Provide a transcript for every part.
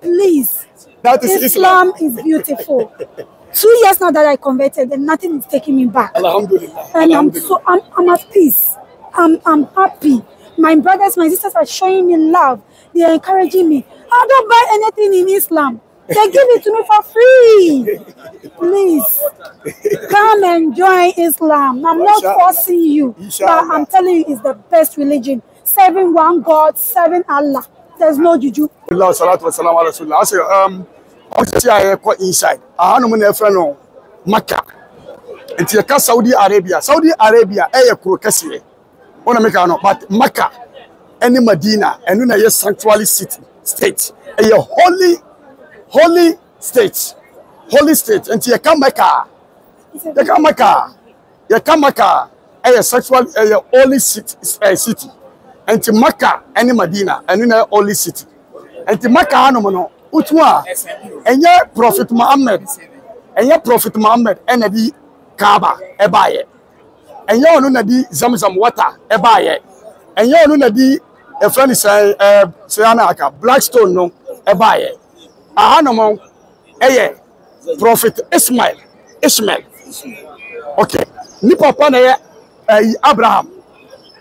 please. That is Islam. Islam is beautiful. Two years now that I converted, and nothing is taking me back. Alhamdulillah. And Alhamdulillah. I'm so I'm, I'm at peace. I'm I'm happy. My brothers, my sisters are showing me love. They are encouraging me. I don't buy anything in Islam. They give it to me for free. Please come and join Islam. I'm not forcing you, but I'm telling you, it's the best religion. Serving one God, serving Allah. There's no juju. Allah salatu wa salam ala rasulillah. I say, um, I say I call inside. I have no money friend on Makkah. Nti yɛka Saudi Arabia. Saudi Arabia ɛyɛ kuro kɛseɛ. Wɔn na meka no, but Makkah ɛne Medina ɛno na yɛ sanctuary city state. Ɛyɛ holy holy state. Holy state. Nti yɛka Makkah. Yɛka Makkah. Yɛka Makkah ɛyɛ sanctuary ɛyɛ holy city. Eh, city nti maka ne madina ɛne na holy city nti maka hanom no wotu a ɛnyɛ prophet muhammad ɛnyɛ prophet muhammad ɛna di kaaba ɛbaayɛ ɛnyɛ ɔno na di zamzam water ɛbaayɛ ɛnyɛ ɔno na di ɛfrɛ no sɛ ɛɛ sɛ na aka blackstone no ɛbaayɛ ahanom ɛyɛ prophet ismail ismail okay nipa pa na yɛ ɛyi abraham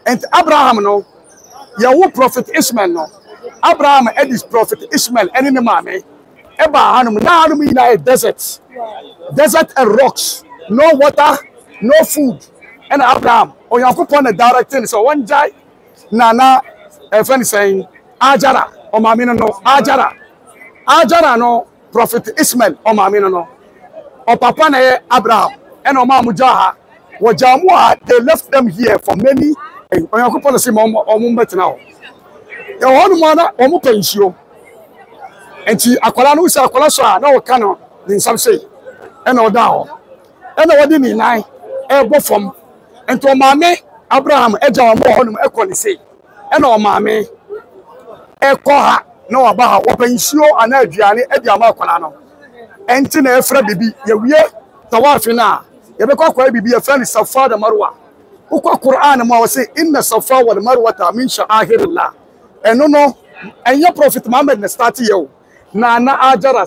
nti abraham no yɛwo prophet ismael no abraham ɛde prophet ismael ɛne ne maame ɛba hanom na hanom nyinaa yɛ desert desert and rocks no water no food ɛna abraham onyankopɔn na directing sɛ wɔngyae nana ɛfɛ ne sɛn ajara ɔmaame no no ajara ajara no prophet ismael ɔmaame no no ɔpapa na ɛyɛ abraham ɛna ɔmaa mo gyaa ha wɔgyaa mo a they left them here for many onyankopɔn na sɛ ɔmo mbɛtena hɔ yɛwɔ hɔ nom a ɔmo pɛ nsuo nti akwadaa no sɛ akwadaa so a na ɔka no ne nsam sei ɛna ɔda hɔ ɛna wɔde ne nan ɛrebɔ fam nti ɔmaame abraham ɛgya wɔn bɔ hɔ nom ɛkɔ ne sei ɛna ɔmaame ɛkɔ ha na waba ha wɔpɛ nsuo anaa aduane ɛde ama akwadaa no ɛnti na ɛfrɛ bibi yɛwie tawaafi no a yɛbɛkɔ akwadaa bibi yɛfrɛ no safo adamarwa wokɔ quran mu a wɔse inna safa wal marwata min sha'airillah ɛno no ɛnyɛ prophet muhammad na start yɛ o nana ajara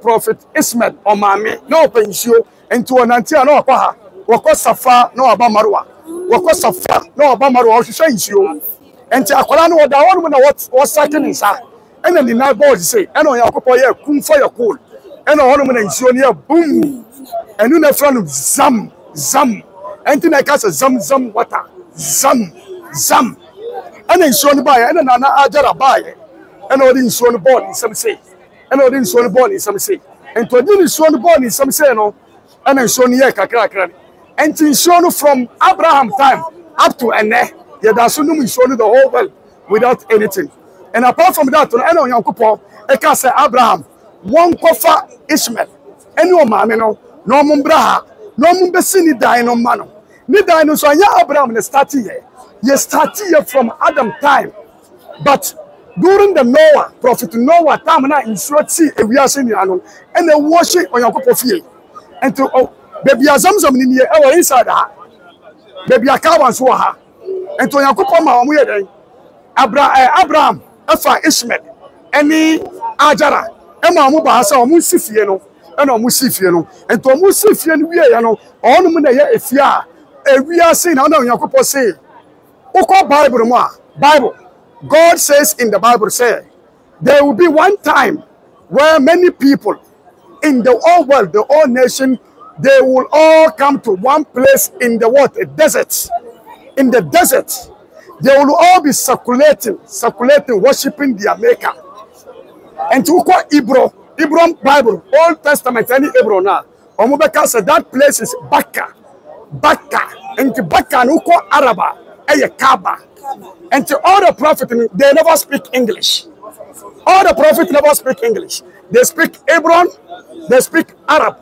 prophet ismail ɔmaame na ɔpɛ nsuo nti wɔnante a na wɔkɔ ha wɔkɔ safa na wɔaba marwa wɔkɔ safa na wɔaba marwa wɔhwehwɛ nsuo nti akwadaa no wɔda hɔ nom na wɔsake ne nsa ɛna ne nan bɔɔl se ɛna ɔyɛ akɔpɔ yɛ kumfa yɛ kool ɛna hɔ nom na nsuo no yɛ bum ɛnu na ɛfrɛ no zam zam Anything I cast a zam zam water, zam zam ɛna nsuo no baeɛ ɛna nana agyara baeɛ ɛna ɔde nsuo no bɔɔl nsɛm in ɛna ɔde nsuo no bɔɔl nsɛm sei nti ɔde nsuo no bɔɔl nsɛm sei no ɛna nsuo no yɛ kakrakra no ɛnti nsuo no from abraham time up to ɛnɛ yɛda so nom nsuo no the whole world without anything and apart from that ɛna onyankopɔn ɛka cast abraham one wɔnkɔfa ismael ɛne ɔmaame you know, no mbra ha na ɔmo bɛsi ne dan no ma no ne dan no nso anya abraham ne start yɛ yɛ start yɛ from adam time but during the noah prophet noah time na nsuo ti ewiase nyinaa no ɛna ewu ɔhyɛ ɔnyankopɔ fie nti ɔ oh, beebi azamzam ni nie ɛwɔ inside ha beebi akawa nso wɔ ha nti ɔnyankopɔ ma ɔmo yɛ dɛn abra ɛɛ eh, abraham ɛfa ishmael ɛne agara ɛma ɔmo ba ha sɛ ɔmo nsi fie no. and ɔmo si fie no nti ɔmo si fie no wie yɛ no ɔnom na ɛyɛ efie a ewia se na ɔna onyankopɔ se wokɔ bible mu bible god says in the bible say there will be one time where many people in the whole world the whole nation they will all come to one place in the what a desert in the desert they will all be circulating circulating worshiping their maker and to call ibro Hebron Bible, Old Testament, any Hebron now. Omubeka said that place is Baka. Baka. And Baka and Uko Araba. Eye Kaaba. And to all the prophets, they never speak English. All the prophets never speak English. They speak Hebron, they speak Arab.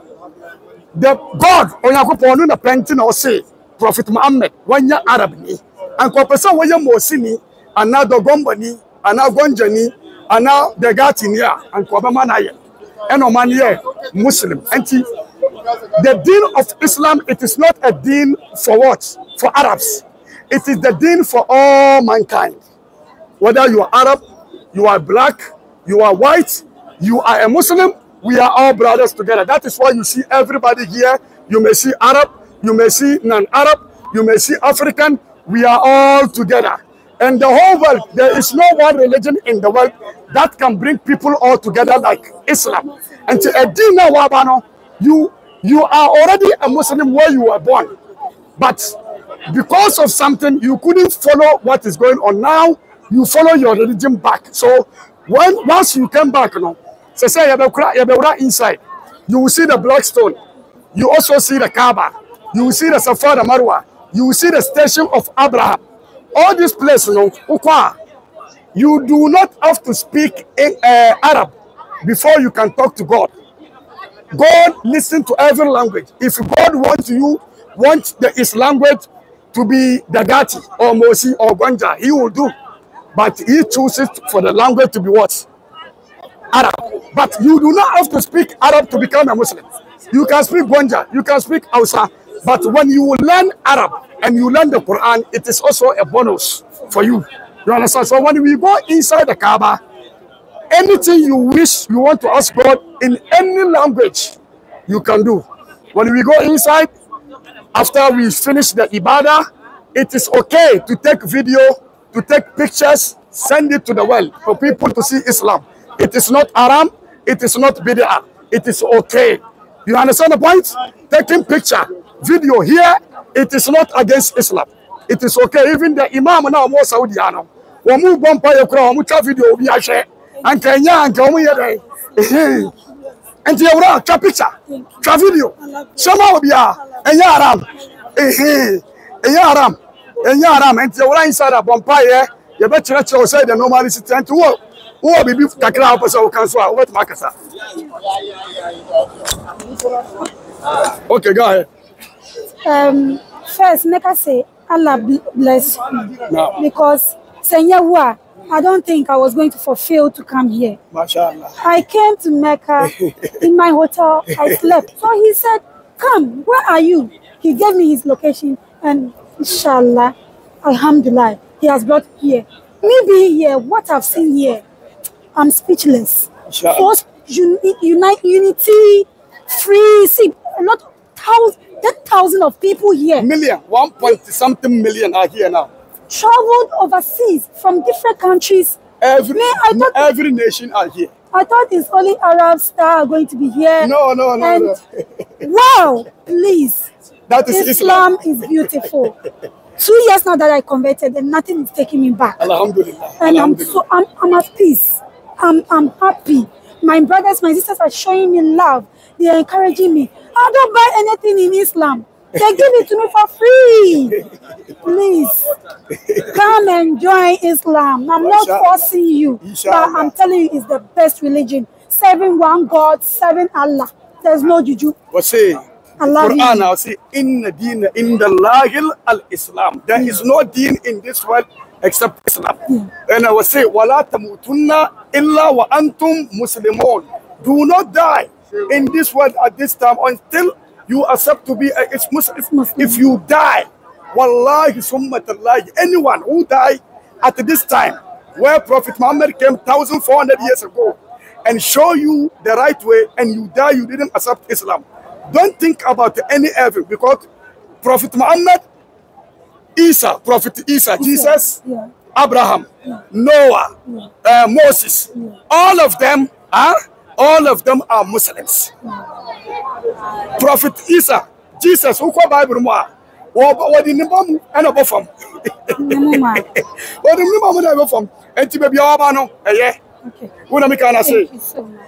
The God, Oyakuponu, the painting or say, Prophet Muhammad, when you're Arab, and Kopesa, when you're Mosini, and now the Gombani, and now Gonjani, and now the Gatinia, and Kobamanayan. And ɔmo ani muslim nti the deen of islam it is not a deen for what for arabs it is the deen for all mankind whether you are arab you are black you are white you are a muslim we are all brothers together that is why you see everybody here you may see arab you may see non-arab you may see african we are all together in the whole world, there is no one religion in the world that can bring people all together like Islam. And to Edina Wabano, you you are already a Muslim where you were born. But because of something, you couldn't follow what is going on now. You follow your religion back. So when once you come back, you know, inside, you will see the black stone. You also see the Kaaba. You will see the Safar the Marwa. You will see the station of Abraham all these places, you do not have to speak in, uh, Arab before you can talk to God. God listen to every language. If God wants you, wants the, his language to be Dagati or Mosi or Gwanja, he will do. But he chooses for the language to be what? Arab. But you do not have to speak Arab to become a Muslim. You can speak Gwanja, you can speak Hausa. But when you learn Arab, and you learn the Quran, it is also a bonus for you. You understand? So when we go inside the Kaaba, anything you wish you want to ask God in any language, you can do. When we go inside, after we finish the Ibadah, it is okay to take video, to take pictures, send it to the world for people to see Islam. It is not haram, it is not bid'ah, it is okay. You understand the point? Taking picture, video here, it is not against Islam. It is okay. Even the imam now more Saudi ano. Wɔn bɔ mpa yɛ kura wɔn twa video obi ahwɛ. Anka nya anka wɔn yɛ dɛ. Nti ewura twa picture, twa video. Sɛma obi a ɛnyɛ haram. Ɛnyɛ haram. Ɛnyɛ haram. Nti ewura inside a bɔ mpa yɛ. Yɛbɛkyerɛkyerɛ sɛ the normal city. Nti wo wo bibi kakra a wɔpɛ sɛ wɔka so a wɔbɛtuma akasa. Okay, go ahead. um, first make us say Allah bless you no. because Senyawa, I don't think I was going to fulfill to come here. Mashallah. I came to Mecca in my hotel. I slept. So he said, "Come, where are you?" He gave me his location, and inshallah, alhamdulillah, he has brought here. Me being here, what I've seen here, I'm speechless. Inshallah. unite unity, free, see a lot of thousands Ten thousand of people here. Million, one point something million are here now. Traveled overseas from different countries. Every, thought, every nation are here. I thought it's only Arabs that are going to be here. No, no, no. And, no. wow, please. That is Islam, Islam. is beautiful. Two years now that I converted and nothing is taking me back. Alhamdulillah. And Alhamdulillah. I'm so I'm, I'm at peace. I'm I'm happy. My brothers, my sisters are showing me love. They are encouraging me. I don't buy anything in Islam. They give it to me for free. Please come and join Islam. I'm not forcing you, but I'm telling you, it's the best religion. Serving one God, serving Allah. There's no juju. But say, Allah Quran, I'll say, in the deen, in the lahil al Islam. There is no deen in this world except Islam. Yeah. And I will say, wala tamutunna Illa wa antum muslimun. Do not die in this world at this time until you accept to be a Muslim. If you die, wallahi summatallahi, anyone who died at this time, where Prophet Muhammad came 1,400 years ago and show you the right way and you die, you didn't accept Islam. Don't think about any evil because Prophet Muhammad, Isa, Prophet Isa, Jesus, yeah. Abraham, Noah, uh, Moses, all of them are all of them are Muslims. Prophet Isa, Jesus, who called Bible more. What the wɔde nipa mu ɛna ɛbɔ fam the nipa mu na ɛbɔ fam nti baabi a wɔba no ɛyɛ wona meka na se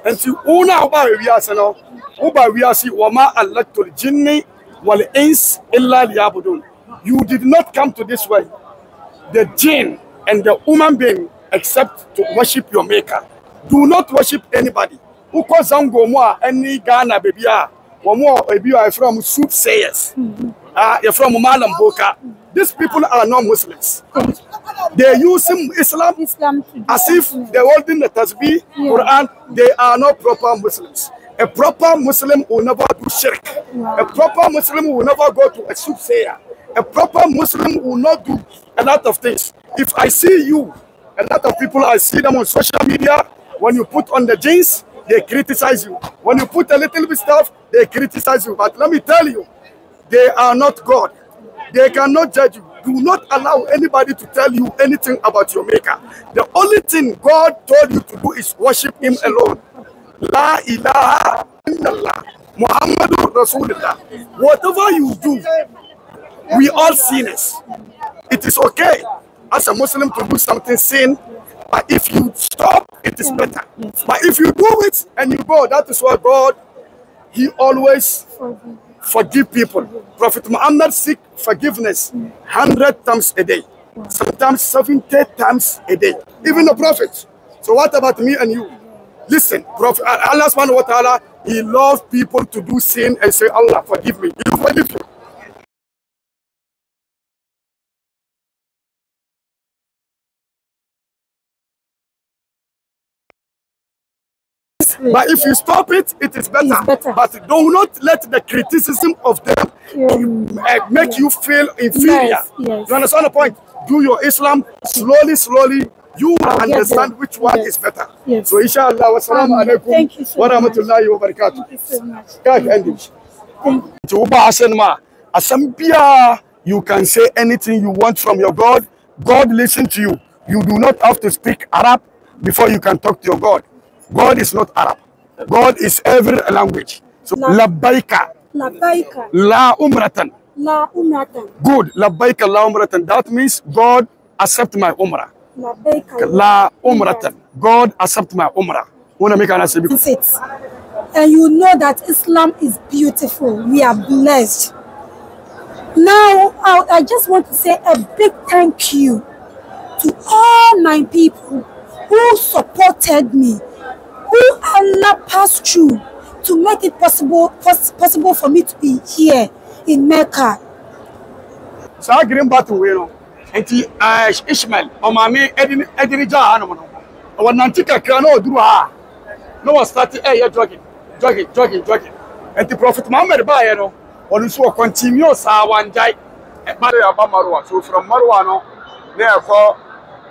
nti wo na woba awiase no woba Wama wɔma alactol ginni wal ins illa liabudun you did not come to this way the jinn and the human being except to worship your maker. Do not worship anybody. Uko zango mwa any Ghana baby ah. Wamo ebi are from soothsayers. Ah, you're from Malamboka. These people are not muslims They use Islam, Islam as if they're holding the Tasbih, Quran. They are not proper Muslims. A proper Muslim will never do shirk. A proper Muslim will never go to a soothsayer. A proper Muslim will not do a lot of things. If I see you, a lot of people, I see them on social media, when you put on the jeans, they criticize you. When you put a little bit stuff, they criticize you. But let me tell you, they are not God. They cannot judge you. Do not allow anybody to tell you anything about your maker. The only thing God told you to do is worship him alone. La ilaha illallah. Muhammadur Rasulullah. Whatever you do, we all sinners. It is okay as a Muslim to do something sin, but if you stop, it is better. But if you do it and you go, that is why God, He always forgive people. Prophet Muhammad seek forgiveness 100 times a day, sometimes 70 times a day, even the Prophet. So what about me and you? Listen, Prophet, Allah subhanahu wa He loves people to do sin and say, Allah, forgive me. He forgive you. yes. But if you stop it, it is better. better. But do not let the criticism of them yeah. make yeah. you feel inferior. Yes. Yes. You understand the point? Do your Islam slowly, slowly. You will understand which one is better. Yes. So inshallah, wassalamu alaikum. Thank you so wa rahmatullahi wa barakatuh. Thank you so much. God endings. Thank you. You can say anything you want from your God. God listen to you. You do not have to speak Arab before you can talk to your God. God is not Arab. God is every language. So La Labbaika. Labbaika. La Umratan. La Umratan. Good. La baika La Umratan. That means God accept my Umrah. baika. La Umratan. God accept my Umrah. Wanna make an answer? That's it. And you know that Islam is beautiful. We are blessed. Now, I, I just want to say a big thank you to all my people who supported me who Allah passed through to make it possible possible for me to be here in Mecca. So Saa green battle wei know. nti eh, Ishmael ọmaami ẹdini gya ha nomu no ọwọ nante kakra na ọduru ha na wọ start ẹ eh, yẹ jogging jogging jogging jogging nti Prophet Muhammad baayẹ no wọn nso wọ continue saa wanjai ẹ Maria ba Marwa so from Marwa no na ẹ kọ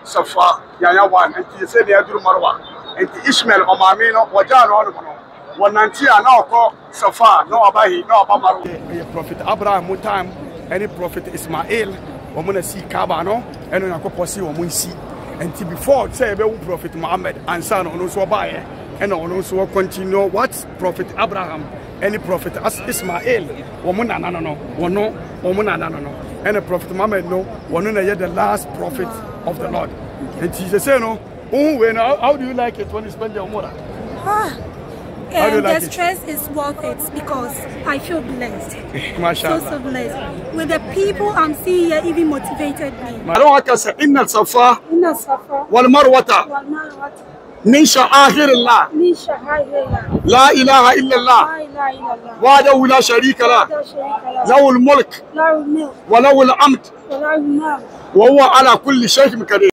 Safa yanya one nti sẹ ni ẹ duru Marwa nti ishmael ɔmaame no wɔgyaa no ɔnom no wɔnante a na ɔkɔ safa na ɔba he na ɔba maro ɛyɛ prophet abraham mu time ɛne prophet ismael wɔn na sii kaaba no ɛne onyankopɔn sii wɔn nsi nti before sɛ ɛbɛwu prophet muhammad ansa na ɔno nso ɔbaeɛ ɛna ɔno nso wɔkɔntinue what prophet abraham ɛne prophet ismael wɔn nana no no no, wɔn nana no no ɛne prophet muhammad no wɔno na yɛ the last prophet of the lord nti sɛ sɛ no Oh, and how, how do you like it when you spend your umrah? Ah. And like the it? stress is worth it because I feel blessed. so, so blessed. With the people I'm seeing here even motivated me. روحك إن الصفا إن الصفا والمروة والمروة من شعائر الله من شعائر الله لا إله إلا الله لا إله إلا الله وحده لا شريك له له الملك له الملك وله الحمد وله الحمد وهو على كل شيء قدير